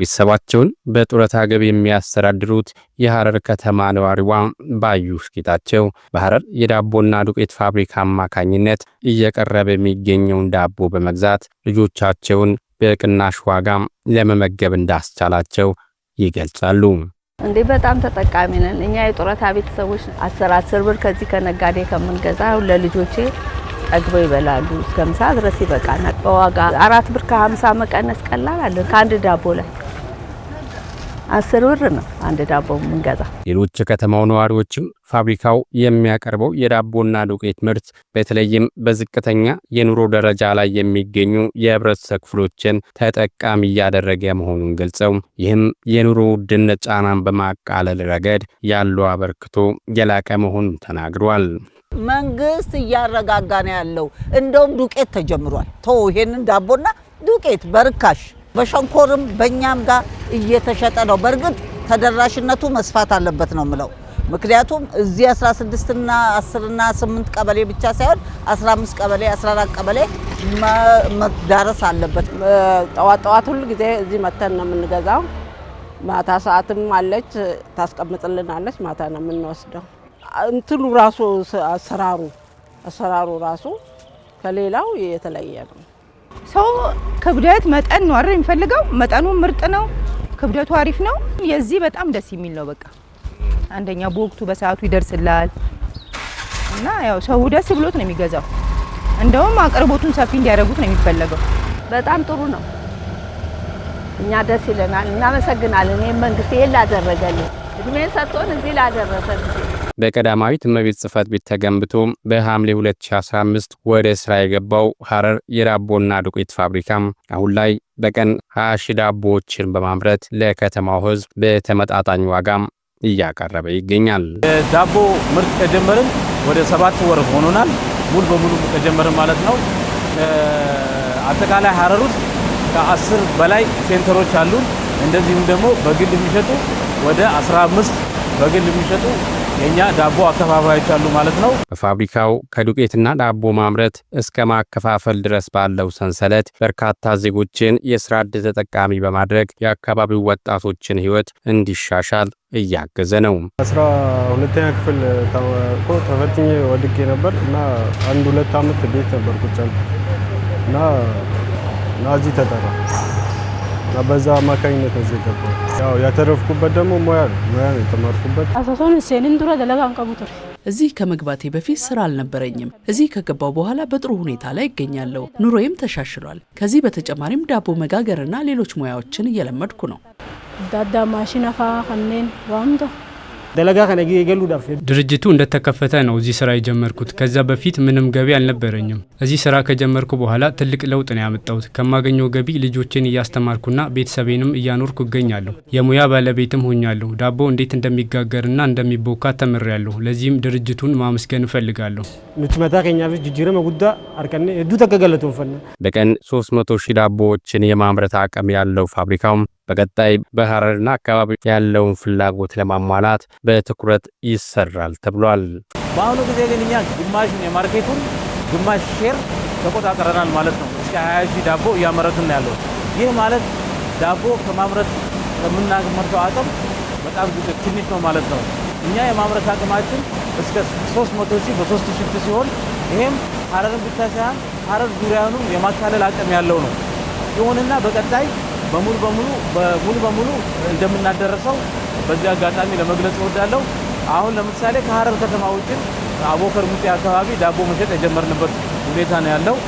ቤተሰባቸውን በጡረታ ገቢ የሚያስተዳድሩት የሐረር ከተማ ነዋሪዋ ባዩሽ ጌታቸው በሐረር የዳቦና ዱቄት ፋብሪካ አማካኝነት እየቀረበ የሚገኘውን ዳቦ በመግዛት ልጆቻቸውን በቅናሽ ዋጋ ለመመገብ እንዳስቻላቸው ይገልጻሉ። እንዴ በጣም ተጠቃሚ ነን እኛ የጡረታ ቤተሰቦች አስር አስር ብር ከዚህ ከነጋዴ ከምንገዛ ለልጆቼ ጠግበው ይበላሉ። እስከ ምሳ ድረስ ይበቃናል። በዋጋ አራት ብር ከሀምሳ መቀነስ ቀላል አለን ከአንድ ዳቦ ላይ አስር ብር ነው አንድ ዳቦ የምንገዛ። ሌሎች የከተማው ነዋሪዎችም ፋብሪካው የሚያቀርበው የዳቦና ዱቄት ምርት በተለይም በዝቅተኛ የኑሮ ደረጃ ላይ የሚገኙ የህብረተሰብ ክፍሎችን ተጠቃሚ እያደረገ መሆኑን ገልጸው ይህም የኑሮ ውድነት ጫናን በማቃለል ረገድ ያለው አበርክቶ የላቀ መሆኑን ተናግሯል። መንግስት እያረጋጋ ነው ያለው። እንደውም ዱቄት ተጀምሯል። ቶ ይሄንን ዳቦና ዱቄት በርካሽ በሸንኮርም በእኛም ጋር እየተሸጠ ነው። በእርግጥ ተደራሽነቱ መስፋት አለበት ነው የምለው። ምክንያቱም እዚህ 16ና 10ና 8 ቀበሌ ብቻ ሳይሆን 15 ቀበሌ 14 ቀበሌ መዳረስ አለበት። ጠዋት ጠዋት ሁል ጊዜ እዚህ መተን ነው የምንገዛው። ማታ ሰዓትም አለች ታስቀምጥልናለች። ማታ ነው የምንወስደው። እንትሉ ራሱ አሰራሩ አሰራሩ ራሱ ከሌላው የተለየ ነው። ሰው ክብደት መጠን ነው አይደል የሚፈልገው። መጠኑ ምርጥ ነው፣ ክብደቱ አሪፍ ነው። የዚህ በጣም ደስ የሚል ነው። በቃ አንደኛ በወቅቱ በሰዓቱ ይደርስላል እና ያው ሰው ደስ ብሎት ነው የሚገዛው። እንደውም አቅርቦቱን ሰፊ እንዲያደርጉት ነው የሚፈለገው። በጣም ጥሩ ነው። እኛ ደስ ይለናል። እናመሰግናለን። ይህም መንግስት ይህን ላደረገልን እድሜን ሰጥቶን እዚህ ላደረሰ ጊዜ በቀዳማዊት እመቤት ጽሕፈት ቤት ተገንብቶ በሐምሌ 2015 ወደ ስራ የገባው ሐረር የዳቦና ዱቄት ፋብሪካም አሁን ላይ በቀን 20 ሺህ ዳቦዎችን በማምረት ለከተማው ሕዝብ በተመጣጣኝ ዋጋም እያቀረበ ይገኛል። ዳቦ ምርት ከጀመርን ወደ ሰባት ወር ሆኖናል። ሙሉ በሙሉ ከጀመርን ማለት ነው። አጠቃላይ ሐረር ውስጥ ከአስር በላይ ሴንተሮች አሉን። እንደዚሁም ደግሞ በግል የሚሸጡ ወደ 15 በግል የሚሸጡ የእኛ ዳቦ አከፋፋዮች አሉ ማለት ነው። በፋብሪካው ከዱቄትና ዳቦ ማምረት እስከ ማከፋፈል ድረስ ባለው ሰንሰለት በርካታ ዜጎችን የስራ ዕድል ተጠቃሚ በማድረግ የአካባቢው ወጣቶችን ህይወት እንዲሻሻል እያገዘ ነው። አስራ ሁለተኛ ክፍል ተፈትኜ ወድቄ ነበር እና አንድ ሁለት ዓመት ቤት ነበር ቁጫል እና እዚህ ተጠራ በዛ አማካኝነት እዚህ ገባሁ። ያው ያተረፍኩበት ደግሞ ሙያ ነው ሙያ ነው የተማርኩበት። አሳሶን እዚህ ከመግባቴ በፊት ስራ አልነበረኝም። እዚህ ከገባው በኋላ በጥሩ ሁኔታ ላይ ይገኛለሁ። ኑሮዬም ተሻሽሏል። ከዚህ በተጨማሪም ዳቦ መጋገርና ሌሎች ሙያዎችን እየለመድኩ ነው። ዳዳ ማሽን አፋ ከኔን ዋምቶ ደለጋ ከነ ገሉዳፍ ድርጅቱ እንደተከፈተ ነው እዚህ ስራ የጀመርኩት። ከዛ በፊት ምንም ገቢ አልነበረኝም። እዚህ ስራ ከጀመርኩ በኋላ ትልቅ ለውጥ ነው ያመጣሁት። ከማገኘው ገቢ ልጆቼን እያስተማርኩና ቤተሰቤንም እያኖርኩ እገኛለሁ። የሙያ ባለቤትም ሆኛለሁ። ዳቦ እንዴት እንደሚጋገርና እንደሚቦካ ተምሬያለሁ። ለዚህም ድርጅቱን ማመስገን እፈልጋለሁ። ምትመታ ፊት ጅጅረ መጉዳ አርቀኔ ዱ ተገገለቶ ፈና በቀን 300 ሺህ ዳቦዎችን የማምረት አቅም ያለው ፋብሪካውም በቀጣይ በሐረርና አካባቢ ያለውን ፍላጎት ለማሟላት በትኩረት ይሰራል ተብሏል። በአሁኑ ጊዜ ግን እኛ ግማሽን የማርኬቱን ግማሽ ሼር ተቆጣጠረናል ማለት ነው። እስከ 20 ሺህ ዳቦ እያመረትን ያለው ይህ ማለት ዳቦ ከማምረት ከምናመርተው አቅም በጣም ትንሽ ነው ማለት ነው። እኛ የማምረት አቅማችን እስከ 300 ሺህ በ3 ሽፍት ሲሆን ይህም ሐረርን ብቻ ሳይሆን ሐረር ዙሪያውንም የማካለል አቅም ያለው ነው። ይሁንና በቀጣይ በሙሉ በሙሉ ሙሉ በሙሉ እንደምናደረሰው በዚህ አጋጣሚ ለመግለጽ እወዳለሁ። አሁን ለምሳሌ ከሀረር ከተማ ውጭ አቦከር ሙጤ አካባቢ ዳቦ መሸጥ የጀመርንበት ሁኔታ ነው ያለው።